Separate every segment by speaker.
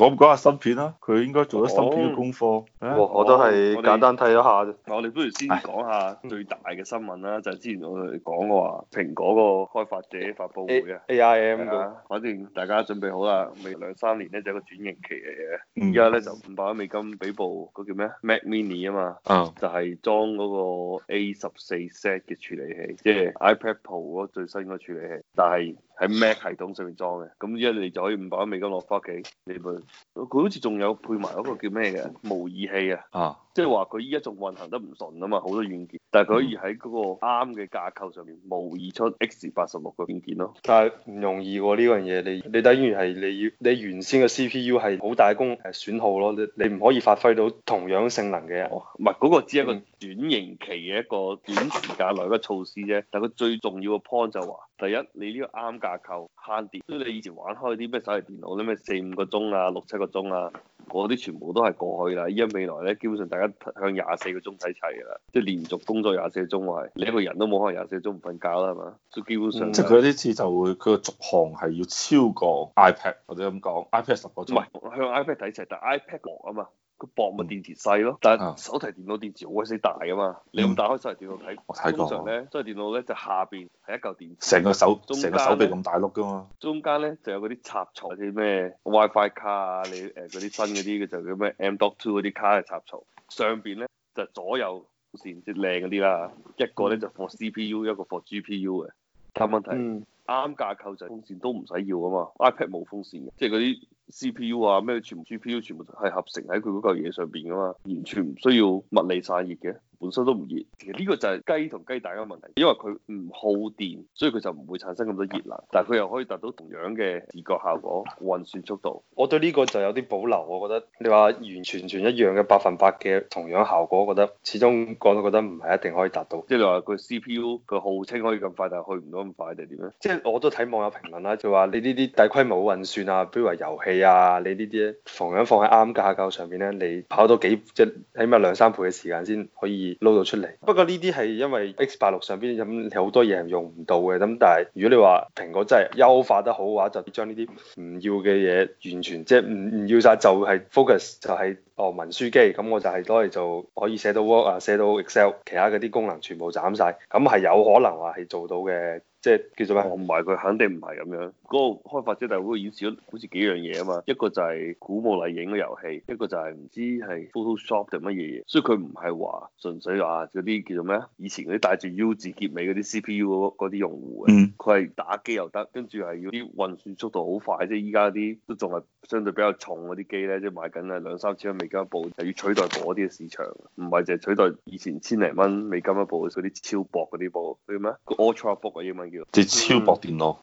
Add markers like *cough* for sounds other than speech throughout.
Speaker 1: 講唔講下芯片啊？佢應該做咗芯片嘅功課說、啊。我我都係簡單睇咗下啫、哦。我哋不如先講下最大嘅新聞啦、啊，唉就係之前我哋講過話，蘋果個開發者發布會 a, a 啊，A I M 嗰，反正大家準備好啦，未兩三年咧就是、一個轉型期嚟嘅。而家咧就五百蚊美金俾部嗰叫咩 Mac Mini 啊嘛，嗯、就係裝嗰個 A 十四 Set 嘅處理器，即係 iPad Pro 嗰最新個處理器，但係。喺 Mac 系統上面裝嘅，咁依家你就可以五百蚊美金落翻屋企，你佢佢好似仲有配埋嗰個叫咩嘅模擬器啊，即係話佢依家仲運行得唔順啊嘛，好多軟件，但係佢可以喺嗰個啱嘅架構上面模擬出 x 八十六嘅軟件咯。嗯、但係唔容易喎呢樣嘢，你你等於係你要你原先嘅 C P U 係好大功誒損耗咯，你你唔可以發揮到同樣性能嘅。唔係嗰個只係一個轉型期嘅一個短時間內嘅措施啫，但係佢最重要嘅 point 就話、是。第一，你呢個啱架構，慳電。所以你以前玩開啲咩手提電腦咧，咩四五個鐘啊，六七個鐘啊，嗰啲全部都係過去啦。依家未來咧，基本上大家向廿四個鐘睇齊㗎啦，即係連續工作廿四個鐘話你一個人都冇可能廿四個鐘唔瞓覺啦，係嘛？所以基本上，嗯、即係佢呢次就
Speaker 2: 會佢個續航係要超過 iPad, iPad，或者咁講 iPad 十個鐘，唔係
Speaker 1: 向 iPad 睇齊，但 iPad 落啊嘛。佢薄咪電池細咯，嗯、但係手提電腦電池好鬼死大啊嘛！嗯、你有冇打開手提電腦睇？我睇過。通常咧，手提電腦咧就下邊係一嚿電池，成個手成個手臂咁大碌噶嘛。中間咧就有嗰啲插槽，啲咩 WiFi 卡啊，你誒嗰啲新嗰啲嘅就叫咩 Mdot Two 嗰啲卡嘅插槽。上邊咧就左右風扇，即係靚嗰啲啦。嗯、一個咧就放 CPU，一個放 GPU 嘅、嗯。冇問題。啱、嗯、架構就風扇都唔使要啊嘛！iPad 冇風扇嘅，即係嗰啲。C P U 啊，咩全部 C P U 全部係合成喺佢嗰嚿嘢上邊噶嘛，完全唔需要物理散熱嘅，本身都唔熱。其實呢個就係雞同雞蛋嘅問題，因為佢唔耗電，所以佢就唔會產生咁多熱能。但係佢又可以達到同樣嘅視覺效果、運算速度。我對呢個就有啲保留，我覺得你話完全全一樣嘅百分百嘅同樣效果，我覺得始終我都覺得唔係一定可以達到。即係你話佢 C P U 佢號稱可以咁快，但係去唔到咁快定係點樣？即係我都睇網友評論啦，就話你呢啲大規模運算啊，比如話遊戲。啊！你呢啲咧，逢，一逢，一逢上放喺 ARM 架構上邊咧，你跑到幾即起碼兩三倍嘅時間先可以撈到出嚟。不過呢啲係因為 X 八六上邊咁有好多嘢係用唔到嘅咁，但係如果你話蘋果真係優化得好嘅話，就將呢啲唔要嘅嘢完全即係唔唔要晒，就係、是、focus 就係哦文書機咁，我就係可以做可以寫到 Word 啊寫到 Excel，其他嗰啲功能全部斬晒。咁係有可能話係做到嘅。即係其實咩？唔係佢肯定唔係咁樣。嗰、那個開發者大會會演示好似幾樣嘢啊嘛。一個就係古墓麗影嗰遊戲，一個就係唔知係 Photoshop 定乜嘢。所以佢唔係話純粹話嗰啲叫做咩？以前嗰啲帶住 U 字結尾嗰啲 CPU 嗰啲用戶嘅。佢係、嗯、打機又得，跟住係要啲運算速度好快。即係依家啲都仲係相對比較重嗰啲機咧，即係賣緊兩三千蚊美金一部，就要、是、取代嗰啲市場。唔係就係取代以前千零蚊美金一部嗰啲超薄嗰啲部。book 叫咩？個 Ultra Book 啊，英文。即係超薄電腦。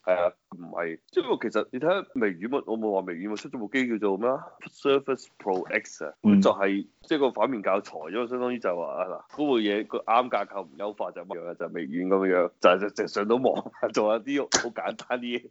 Speaker 1: 唔係，即係其實你睇下微軟咪，我冇話微軟咪出咗部機叫做咩啊？Surface Pro X 啊、嗯，咁就係即係個反面教材，因為相當於就話嗱，嗰部嘢個啱架構唔優化就乜樣，就微軟咁樣，就是、樣就是、直上到網做下啲好簡單啲嘢。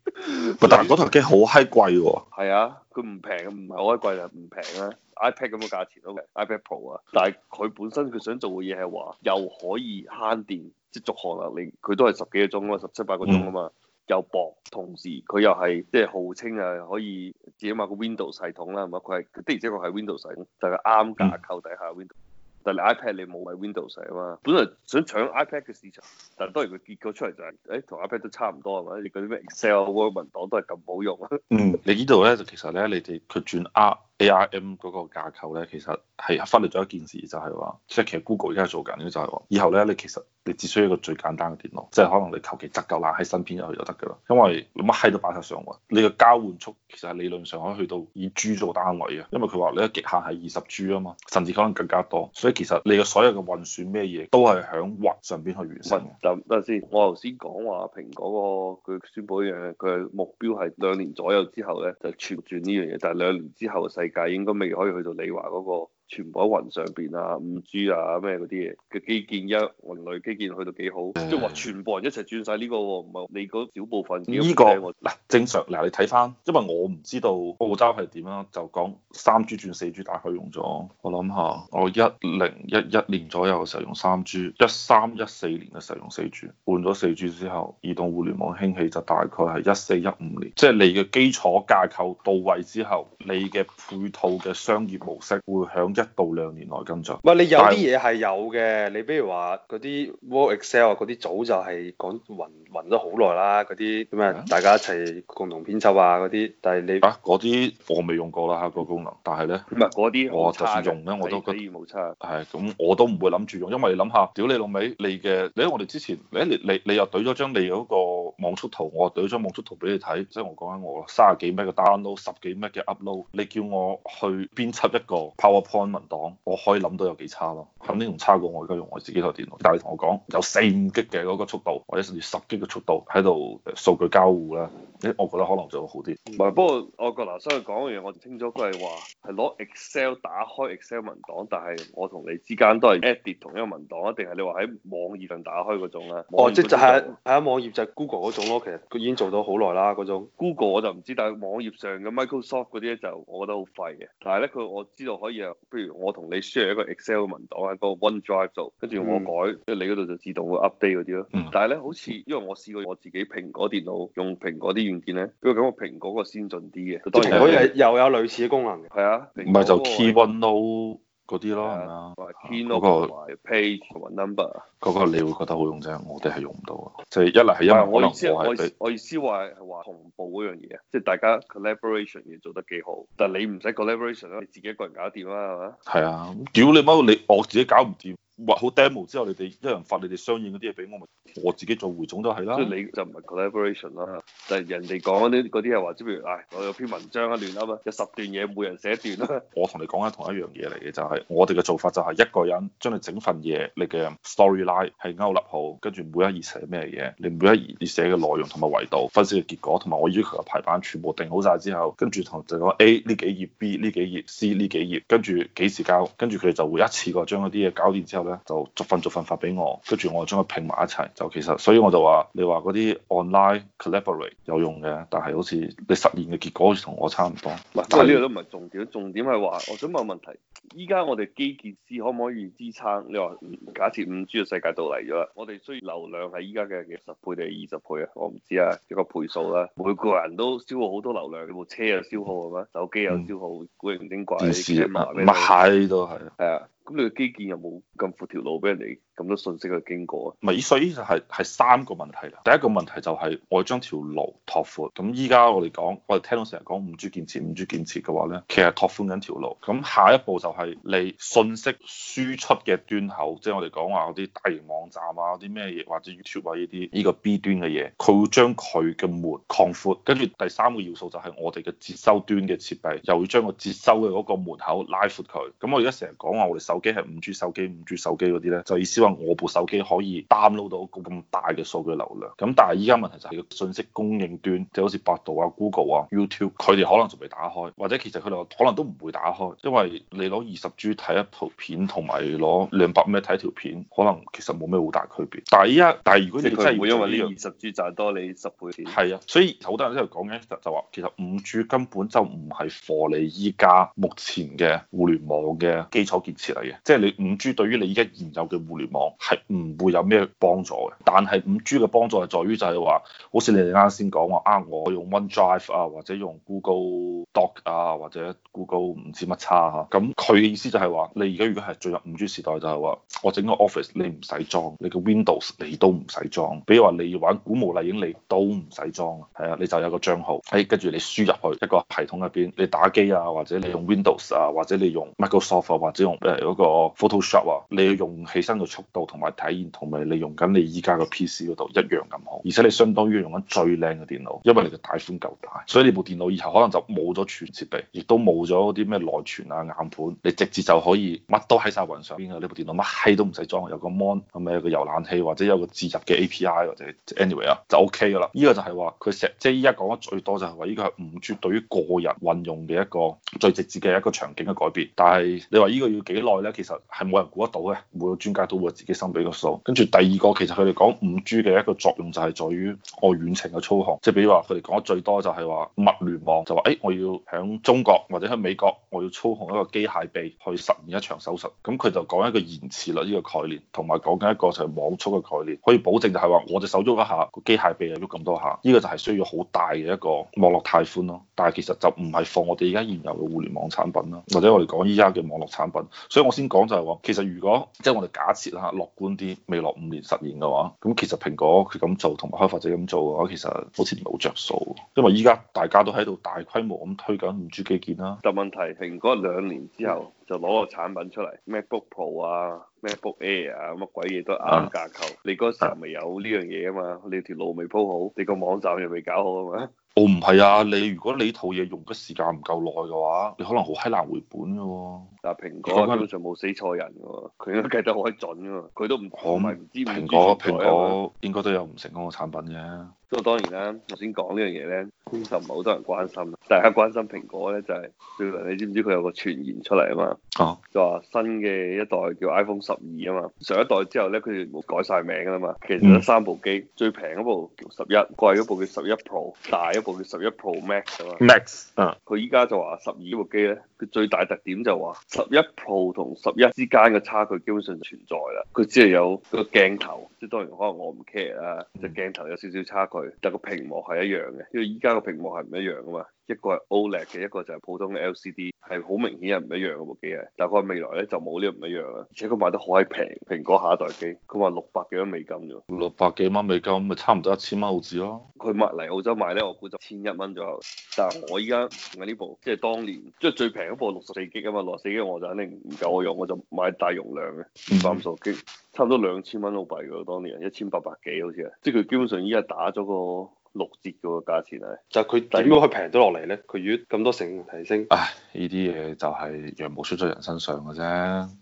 Speaker 1: *laughs* 但係
Speaker 2: 嗰台機好閪貴喎，
Speaker 1: 係啊，佢唔平，唔係好閪貴，唔平啊，iPad 咁嘅價錢都嘅 iPad Pro 啊，但係佢本身佢想做嘅嘢係話又可以慳電，即係續航能力佢都係十幾個鐘啊，十七八個鐘啊嘛。嗯又薄，同時佢又係即係號稱啊，可以自己買個 Windows 系統啦，係嘛？佢係的而且確係 Windows 系統，但係啱架構底下 Windows、嗯。但係 iPad 你冇係 Windows 啊嘛，本來想搶 iPad 嘅市場，但係當然佢結果出嚟就係、是、誒同、哎、iPad 都差唔多係嘛，你嗰啲咩 Excel、Word 文檔都係咁好用。嗯，
Speaker 2: *laughs* 你呢度咧就其實咧，你哋佢轉 R。A I M 嗰個架構咧，其實係忽略咗一件事就，就係話，即係其實 Google 而家做緊咧就係話，以後咧你其實你只需要一個最簡單嘅電腦，即係可能你求其執嚿爛喺身邊入去就得㗎啦，因為乜閪都擺晒上雲，你個交換速其實係理論上可以去到以 G 做單位嘅，因為佢話你一極限係二十 G 啊嘛，甚至可能更加多，所以其實你嘅所有嘅運算
Speaker 1: 咩嘢都係響雲上邊去完成嘅。咁等下先，我頭先講話平果個佢宣佈一樣嘢，佢目標係兩年左右之後咧就傳轉呢樣嘢，但係兩年之後世界應該未可以去到你話嗰個。全部喺雲上面啊，五 G 啊咩嗰啲嘢嘅基建一，雲類基建去到幾好，即係話全部人一齊轉晒呢個、啊，唔係你嗰小
Speaker 2: 部分。呢個嗱正常嗱你睇翻，因為我唔知道澳洲係點樣，就講三 G 轉四 G 大概用咗，我諗下我一零一一年左右嘅時候用三 G，一三一四年嘅時候用四 G，換咗四 G 之後，移動互聯網興起就大概係一四一五年，即係你嘅基礎架構到位之後，你嘅配套嘅商業模式會響。一到兩年內跟進。唔係你有啲嘢
Speaker 1: 係有嘅，是你比如話嗰啲 Word Excel 嗰啲早就係講雲雲咗好耐啦，嗰啲咁大家一齊共同編輯啊嗰啲。但係你啊嗰啲我未用過啦，吓個
Speaker 2: 功能。但係咧唔係嗰啲我就算用咧，你我都覺得冇差。係咁我都唔會諗住用，因為你諗下，屌你老味，你嘅，你喺我哋之前，你你你，你又懟咗張你嗰個網速圖，我又懟咗張網速圖俾你睇，即係我講緊我啦，三十幾 m 嘅 download，十幾 m 嘅 upload，你叫我去編輯一個 PowerPoint。文檔我可以諗到有幾差咯，肯定唔差過我而家用我自己台電腦。但係你同我講，有四五吉嘅嗰個速度，或者甚至十吉嘅速度，喺度數據交互啦。我覺得可能就會好啲。唔係、嗯，不
Speaker 1: 過我個男生所以講嘅嘢，我清楚佢係話係攞 Excel 打開 Excel 文檔，但係我同你之間都係 edit 同一個文檔。啊？定係你話喺網頁上打開嗰種啊？網種哦，即係就喺、是、喺、嗯、網頁就 Google 嗰種咯。其實佢已經做咗好耐啦嗰種。Google 我就唔知，但係網頁上嘅 Microsoft 嗰啲咧就我覺得好廢嘅。但係咧佢我知道可以，啊。譬如我同你 share 一個 Excel 文檔喺個 OneDrive 度，跟住我改，跟住、嗯、你嗰度就自動會 update 嗰啲咯。嗯、但係咧，好似因為我試過我自己蘋果電腦用蘋果啲見咧，不過感覺蘋果個先進啲嘅，當然，佢又有類似嘅功能，係啊，唔係就 Key One Note 嗰啲咯，係啊？Key One 嗰個，同埋 Page Number
Speaker 2: 嗰個，你會覺得好用啫，我哋係用唔到啊，就係一嚟係因為可
Speaker 1: 我我意思話係話同步嗰樣嘢，即係大家 collaboration 嘢做得幾好，但係你唔使 collaboration 啦，你自己一個人搞掂啦，係嘛？係啊，
Speaker 2: 屌你媽，你我自己搞唔掂。畫好 demo
Speaker 1: 之後，你哋一人發你哋相應嗰啲嘢俾我，咪我自己做回總都係啦。所以你就唔係 collaboration 啦，但係 Yeah. 人哋講嗰啲啲又話，即譬如，唉、哎，我有篇文章啊，亂啊嘛，有十段嘢，每人寫一段啦、
Speaker 2: 啊。我你同你講緊同一樣嘢嚟嘅，就係、是、我哋嘅做法就係一個人將你整份嘢，你嘅 storyline 係勾勒好，跟住每一頁寫咩嘢，你每一頁要寫嘅內容同埋維度分析嘅結果，同埋我要求嘅排版全部定好晒之後，跟住同就講 A 呢幾頁，B 呢幾頁，C 呢幾頁，跟住幾，幾時交，跟住佢哋就會一次過將嗰啲嘢搞掂之後。咧就逐份逐份發俾我，跟住我將佢拼埋一齊。就其實，所以我就話，你話嗰啲 online collaborate 有用嘅，但係好似你實驗嘅結果同我差唔多。但係呢個都唔
Speaker 1: 係重點，重點係話，我想問個問題：依家我哋機械師可唔可以支撐？你話假設五 G 嘅世界到嚟咗，我哋需要流量係依家嘅十倍定係二十倍啊？我唔知啊，一個倍數啦。每個人都消耗好多流量，部車又消耗啊嘛，手機又消耗，嗯、古靈精怪嘅嘢嘛，唔係都係。係啊。咁，你嘅基建有冇咁闊條路俾
Speaker 2: 人哋？咁多信息嘅經過啊，咪所以就係係三個問題啦。第一個問題就係我哋將條路拓寬，咁依家我哋講，我哋聽到成日講五 G 建設，五 G 建設嘅話咧，其實拓寬緊條路。咁下一步就係你信息輸出嘅端口，即係我哋講話嗰啲大型網站啊，嗰啲咩嘢，或者 YouTube 啊呢啲呢個 B 端嘅嘢，佢會將佢嘅門擴闊，跟住第三個要素就係我哋嘅接收端嘅設備，又要將個接收嘅嗰個門口拉闊佢。咁我而家成日講話我哋手機係五 G 手機，五 G 手機嗰啲咧，就意思我部手機可以 download 到咁大嘅數據流量，咁但係依家問題就係個信息供應端，即係好似百度啊、Google 啊、YouTube，佢哋可能仲未打開，或者其實佢哋可能都唔會打開，因為你攞二十 G 睇一條片，同埋攞兩百 m 睇一條片，可能其實冇咩好大區別。但係依家，但係如果你，你，是你真係會因為呢樣
Speaker 1: 二十 G 賺多你十倍錢，
Speaker 2: 係啊，所以好多人喺度講緊就話，其實五 G 根本就唔係為你依家目前嘅互聯網嘅基礎建設嚟嘅，即係你五 G 對於你依家現有嘅互聯網。係唔會有咩幫助嘅，但係五 G 嘅幫助係在於就係話，好似你哋啱先講話啊，我用 OneDrive 啊，或者用 Google Doc 啊，或者 Google 唔知乜叉嚇，咁佢嘅意思就係話，你而家如果係進入五 G 時代，就係話，我整個 Office 你唔使裝，你個 Windows 你都唔使裝，比如話你玩古墓麗影你都唔使裝，係啊，你就有一個帳號，係跟住你輸入去一個系統入邊，你打機啊，或者你用 Windows 啊，或者你用 Microsoft 啊，或者用誒嗰個 Photoshop 啊，你要用起身就速度同埋體驗同埋你用緊你依家嘅 PC 嗰度一樣咁好，而且你相當於用緊最靚嘅電腦，因為你嘅帶寬夠大，所以你部電腦以後可能就冇咗全設備，亦都冇咗嗰啲咩內存啊，硬盤，你直接就可以乜都喺晒雲上邊啊。你部電腦乜閪都唔使裝，有個 mon 同埋一個瀏覽器或者有個自入嘅 API 或者 anyway 啊就 OK 噶啦，呢個就係話佢成即係依家講得最多就係話呢個係唔絕對於個人運用嘅一個最直接嘅一個場景嘅改變，但係你話呢個要幾耐咧，其實係冇人估得到嘅，每個專家都會。自己心俾個數，跟住第二個其實佢哋講五 G 嘅一個作用就係在於我遠程嘅操控，即係比如話佢哋講得最多就係話物聯網就話，誒、哎、我要響中國或者響美國，我要操控一個機械臂去實現一場手術，咁佢就講一個延遲率呢個概念，同埋講緊一個就係網速嘅概念，可以保證就係話我哋手喐一下個機械臂就喐咁多下，呢、這個就係需要好大嘅一個網絡帶寬咯。但係其實就唔係放我哋而家現有嘅互聯網產品啦，或者我哋講依家嘅網絡產品，所以我先講就係話，其實如果即係我哋假設啦。樂觀啲，未落五年實現嘅話，咁其實蘋果佢咁做同埋開發者咁做嘅話，其實好似唔係好着數，因為依家大家
Speaker 1: 都喺度大規模咁推緊，
Speaker 2: 唔知幾件啦、
Speaker 1: 啊。但問題蘋果兩年之後就攞個產品出嚟，MacBook Pro 啊，MacBook Air 啊，乜鬼嘢都啱架構，啊、你嗰時候未有呢樣嘢啊嘛，你條路未鋪好，你個網站又未搞好啊嘛。
Speaker 2: 我唔係啊，你如
Speaker 1: 果你套嘢用嘅時間唔夠耐嘅話，你可能好閪難回
Speaker 2: 本嘅喎、
Speaker 1: 啊。但，蘋果基本上冇死錯人嘅喎、啊，佢都計得好閪準嘅喎，佢都唔。可唔係唔知唔。蘋果蘋果吧
Speaker 2: 應該都有唔成
Speaker 1: 功嘅產品嘅、啊。咁我當然啦，頭先講呢樣嘢咧，其實唔係好多人關心。大家關心蘋果咧，就係最近你知唔知佢有個傳言出嚟啊嘛？哦，就話新嘅一代叫 iPhone 十二啊嘛。上一代之後咧，佢哋冇改晒名噶啦嘛。其實有三部機，mm. 最平一部叫十一，貴嗰部叫十一 Pro，大一部叫十一 Pro Max 啊嘛。Max，佢依家就話十二呢部機咧。佢最大特點就話，十一 Pro 同十一之間嘅差距基本上存在啦，佢只係有個鏡頭，即係當然可能我唔 care 啦，即鏡頭有少少差距，但個屏幕係一樣嘅，因為依家個屏幕係唔一樣啊嘛。一個係 OLED 嘅，一個就係普通嘅 LCD，係好明顯係唔一樣嘅部機啊。但佢未來咧就冇呢個唔一樣啊。而且佢賣得好閪平，蘋果下一代機佢話六百幾蚊美金啫。六百幾
Speaker 2: 蚊美金咪差唔多一千蚊澳紙咯。
Speaker 1: 佢賣嚟澳洲賣咧，我估就千一蚊左右。但係我依家我呢部即係當年即係最平一部六十四 G 啊嘛，六十四 G 我就肯定唔夠我用，我就買大容量嘅。五嗯，百五十六 G，差唔多兩千蚊澳幣嘅，當年一千八百幾好似啊。即係佢基本上依家打咗個。六折嘅價錢咧，
Speaker 2: 就係佢點解佢平咗落嚟
Speaker 1: 咧？佢以如果咁多成提升，唉，
Speaker 2: 呢啲嘢就係羊毛出在人身上嘅啫。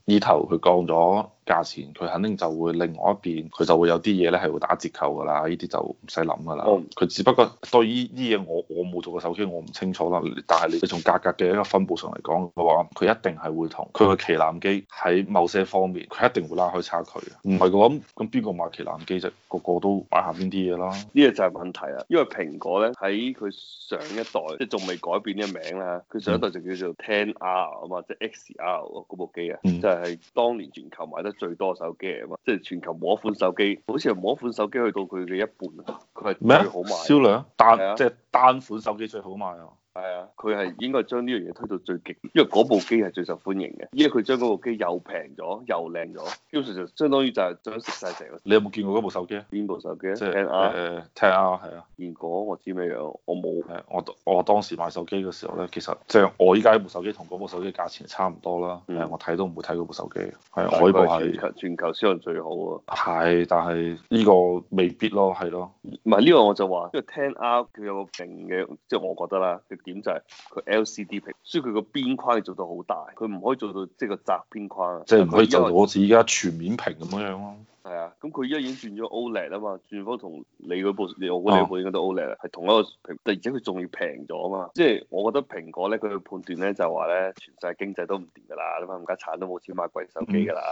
Speaker 2: 呢頭佢降咗。價錢佢肯定就會另外一邊，佢就會有啲嘢咧係會打折扣㗎啦，呢啲就唔使諗㗎啦。佢、嗯、只不過對於依啲嘢，我我冇做過手機，我唔清楚啦。但係你你從價格嘅一個分佈上嚟講嘅話，佢一定係會同佢嘅旗艦機喺某些方面，佢一定會拉開差距。唔係嘅話，咁咁邊個買旗艦機就個個都買下邊啲嘢啦。
Speaker 1: 呢個就係問題啦，因為蘋果咧喺佢上一代，即仲未改變啲名啦，佢上一代就叫做 Ten R 啊嘛、嗯，即係 X R 嗰部機啊，嗯、就係當年全球賣得。最多手機啊嘛，即、就、係、是、全球冇一款手機，好似係冇一款手機去到佢嘅一半，佢係咩啊銷量單即係是、啊、單款手機最好賣。啊！係啊，佢係應該係將呢樣嘢推到最極，因為嗰部機係最受歡迎嘅，因為佢將嗰部機又平咗又靚咗，即係其實相當於就係想食晒石。個你有冇見過嗰部手機啊？邊部手機啊？即係誒 Ten R 係啊。如果
Speaker 2: 我知咩樣，我冇。我我當時買手機嘅時候咧，其實即係我依家呢部手機同嗰部手機價錢差唔多啦。嗯、我睇都唔會睇嗰部手機。係，呢的部係全球銷量最好啊。係，但係呢個未必咯，係咯。唔係呢個我就話，因
Speaker 1: 為 Ten R 佢有個勁嘅，即、就、係、是、我覺得啦。點就係佢 LCD 屏，所以佢個邊框做到好大，佢唔可以做到即係個窄邊框。即係唔可以做好
Speaker 2: 似依家全面屏咁
Speaker 1: 樣咯。係啊，咁佢依家已經轉咗 OLED 啊嘛，轉翻同你嗰部、你我嗰兩部、哦、應該都 OLED，係同一個屏，但而且佢仲要平咗啊嘛。即係我覺得蘋果咧，佢嘅判斷咧就話咧，全世界經濟都唔掂噶啦，咁冚家產都冇錢買貴手機噶啦，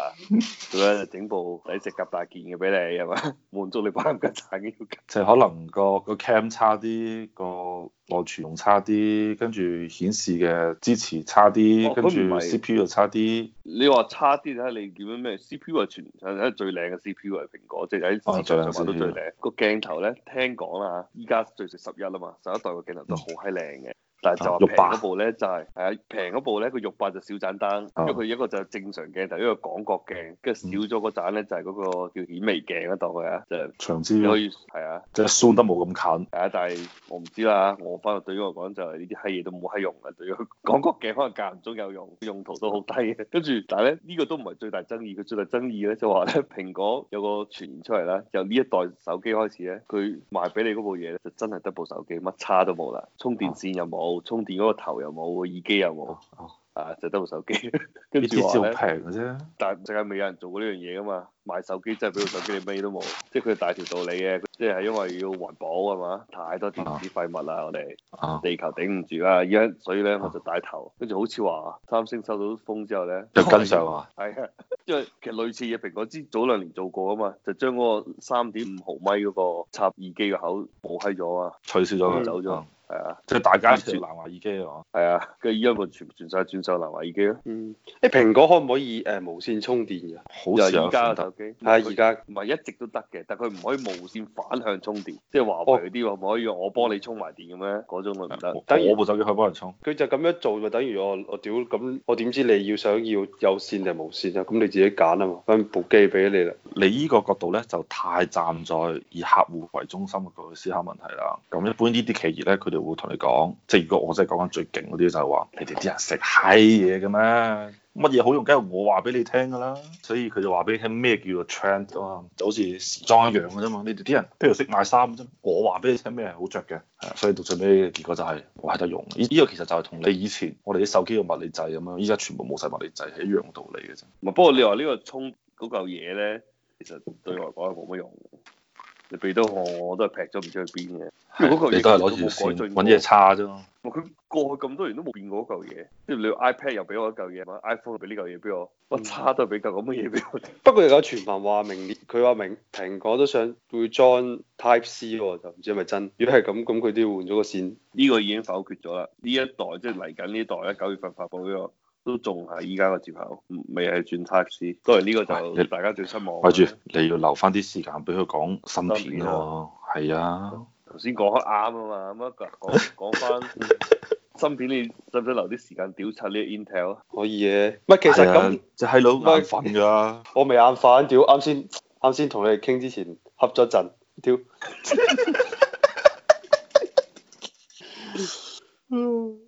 Speaker 1: 咁樣整部抵食夾大件嘅俾你係咪？滿足你冇冚家產嘅要求。即係可能個個 cam 差
Speaker 2: 啲個。內存仲差啲，跟住顯示嘅支持差啲，跟住 CPU
Speaker 1: 又差啲、哦。你話差啲睇下你叫咩咩？CPU 係全場最靚嘅 CPU 係蘋果，即係啲芯片都最靚。哦、個鏡頭咧，聽講啦，依家最值十一啊嘛，十一代嘅鏡頭都好閪靚嘅。嗯但係就話平嗰部咧、就係，霸啊、部呢就係係啊平嗰部咧，佢玉版就少盞燈，啊、因為佢一個就係正常鏡頭，第一個廣角鏡，跟住、嗯、少咗個盞咧就係、係、嗰個叫顯微鏡嗰度嘅，就長焦可以係啊，即係鬆得冇咁近。係啊，但係我唔知啦。我翻嚟對於我嚟講就係呢啲閪嘢都冇閪用啦。佢，廣角鏡可能間唔中有用，用途都好低。嘅、嗯。跟住但係咧呢、呢個都唔係最大爭議，佢最大爭議咧就話咧蘋果有個傳言出嚟啦，由呢一代手機開始咧，佢賣俾你嗰部嘢咧就真係得部手機，乜叉都冇啦，充電線又冇。啊啊充電嗰個頭又冇，耳機又冇，啊，啊，就得部手機。
Speaker 2: 跟住話平嘅啫，
Speaker 1: 但係淨係未有人做過呢樣嘢噶嘛，買手機真係俾部手機，你咩都冇，即係佢係大條道理嘅，即係因為要環保啊嘛，太多電子廢物啦，我哋、啊啊、地球頂唔住啦，而家所以咧、啊、我就帶頭，跟住好似話三星收到風之後咧，就跟上啊，係啊，因為其實類似嘢蘋果之早兩年做過啊嘛，就將嗰個三點五毫米嗰個插耳機嘅口冇閪咗啊，取消咗佢了，走咗。係啊，即係大家一齊拿藍牙耳機啊嘛，係啊，跟住依家咪全全晒轉手藍牙耳機咯。嗯，啲、欸、蘋果可唔可以誒、呃、無線充電嘅？好少架手在機，係而家唔係一直都得嘅，但佢唔可以無線反向充電，即係華為佢啲、哦、可唔可以我幫你充埋電咁咩？嗰種佢唔得。啊、我等於我部手機可以幫人充。佢就咁樣做就等於我我屌咁，我點知你要想要有線定係無線啊？咁你自己揀啊嘛，分部機俾你啦。
Speaker 2: 你呢個角度咧就太站在以客戶為中心嘅角度思考問題啦。咁一般呢啲企業咧，佢哋。會同你講，即係如果我真係講緊最勁嗰啲，就係話你哋啲人食閪嘢嘅咩？乜嘢好用，梗係我話俾你聽㗎啦。所以佢就話俾你聽咩叫做 trend 啊，就好似時裝一樣㗎啫嘛。你哋啲人譬如識買衫啫，我話俾你聽咩係好着嘅，所以到最尾嘅結果就係話得用。呢、這、依個其實就係同你以前我哋啲手機嘅物理掣咁樣，依家全部冇晒物理掣係一樣道理嘅啫。
Speaker 1: 不過你話、那個、呢個充嗰嚿嘢咧，其實對我嚟講冇乜用。你俾到我我都係劈咗唔知去邊嘅，個而家係攞住揾啲嘢差啫。佢過去咁多年都冇變過嗰嚿嘢，即係你 iPad 又俾我一嚿嘢，iPhone 又俾呢嚿嘢俾我，我叉、嗯、都係俾嚿咁嘅嘢俾我。不過而家傳聞話明佢話明蘋果都想會裝 Type C 喎，就唔知係咪真。如果係咁，咁佢都要換咗個線，呢個已經否決咗啦。呢一代即係嚟緊呢代咧，九月份發布俾我。都仲係依家個接口，未係轉 Type C。當然呢個就大家最失望。記住，
Speaker 2: 你要留翻啲時間俾佢講芯片咯。
Speaker 1: 係啊，頭先講啱啊說說嘛，咁啊講講翻芯片，你使唔使留啲時間屌查呢個 Intel 啊？可以嘅。乜其實咁隻閪佬眼瞓㗎，我未眼瞓，屌，啱先啱先同你哋傾之前，恰咗陣屌。跳 *laughs* *laughs*